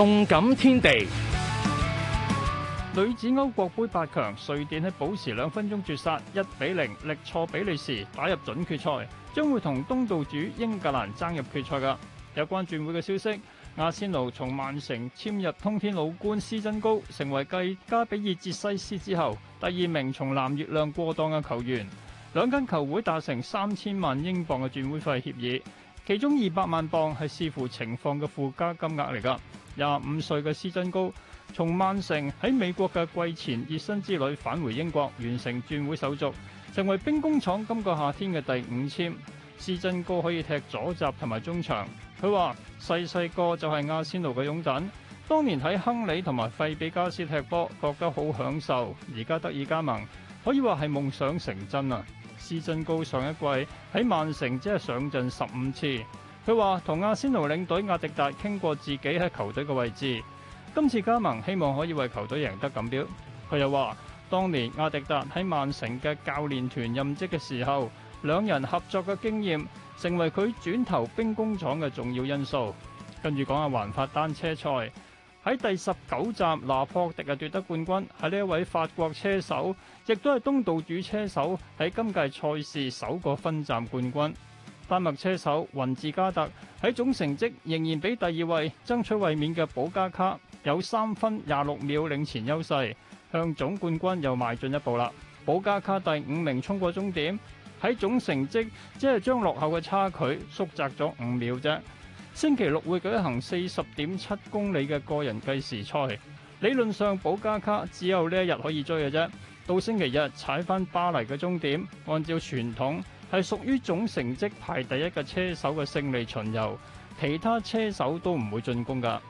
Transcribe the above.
動感天地，女子歐國盃八強，瑞典喺補時兩分鐘絕殺，一比零力挫比利時，打入準決賽，將會同東道主英格蘭爭入決賽噶。有關轉會嘅消息，阿仙奴從曼城簽入通天老倌施真高，成為繼加比爾捷西斯之後第二名從藍月亮過檔嘅球員，兩間球會達成三千萬英鎊嘅轉會費協議。其中二百萬鎊係視乎情況嘅附加金額嚟㗎。廿五歲嘅施真高從曼城喺美國嘅季前熱身之旅返回英國，完成轉會手續，成為兵工廠今個夏天嘅第五簽。施真高可以踢左閘同埋中場。佢話細細個就係阿仙奴嘅擁躉，當年喺亨利同埋費比加斯踢波，覺得好享受。而家得以加盟，可以話係夢想成真啊！施真高上一季喺曼城只係上陣十五次。佢話同阿仙奴領隊阿迪達傾過自己喺球隊嘅位置。今次加盟希望可以為球隊贏得錦標。佢又話，當年阿迪達喺曼城嘅教練團任職嘅時候，兩人合作嘅經驗成為佢轉投兵工廠嘅重要因素。跟住講下環法單車賽。喺第十九站，拿破迪啊奪得冠軍，係呢一位法國車手，亦都係東道主車手喺今屆賽事首個分站冠軍。丹麥車手雲治加特喺總成績仍然比第二位爭取衛冕嘅保加卡有三分廿六秒領先優勢，向總冠軍又邁進一步啦。保加卡第五名衝過終點，喺總成績只係將落後嘅差距縮窄咗五秒啫。星期六會舉行四十點七公里嘅個人計時賽，理論上保加卡只有呢一日可以追嘅啫。到星期日踩返巴黎嘅終點，按照傳統係屬於總成績排第一嘅車手嘅勝利巡遊，其他車手都唔會進攻㗎。